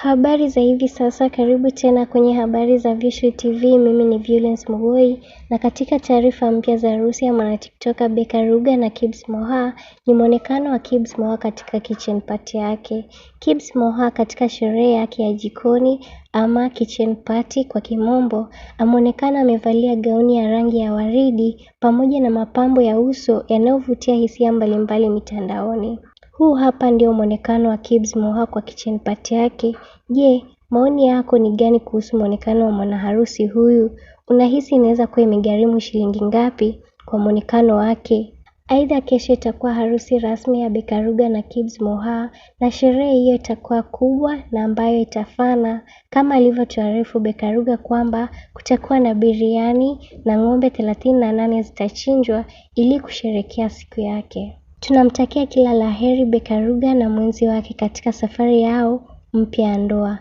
Habari za hivi sasa, karibu tena kwenye habari za Veushly TV. Mimi ni Violence Mugoi, na katika taarifa mpya za harusi ya mwanatiktoka Beka Ruga na Kibz Moha ni mwonekano wa Kibz Moha katika kitchen party yake. Kibz Moha katika sherehe yake ya jikoni ama kitchen party kwa kimombo, ameonekana amevalia gauni ya rangi ya waridi pamoja na mapambo ya uso yanayovutia hisia mbalimbali mitandaoni. Huu hapa ndio mwonekano wa Kibz Moha kwa kitchen party yake. Je, maoni yako ni gani kuhusu mwonekano wa mwanaharusi huyu? Unahisi inaweza kuwa imegharimu shilingi ngapi kwa mwonekano wake? Aidha, kesho itakuwa harusi rasmi ya Beka na Kibz Moha na sherehe hiyo itakuwa kubwa na ambayo itafana kama alivyotuarifu Beka kwamba kutakuwa na biriani na ng'ombe thelathini na nane zitachinjwa ili kusherehekea siku yake. Tunamtakia kila la heri bekaruga na mwenzi wake katika safari yao mpya ya ndoa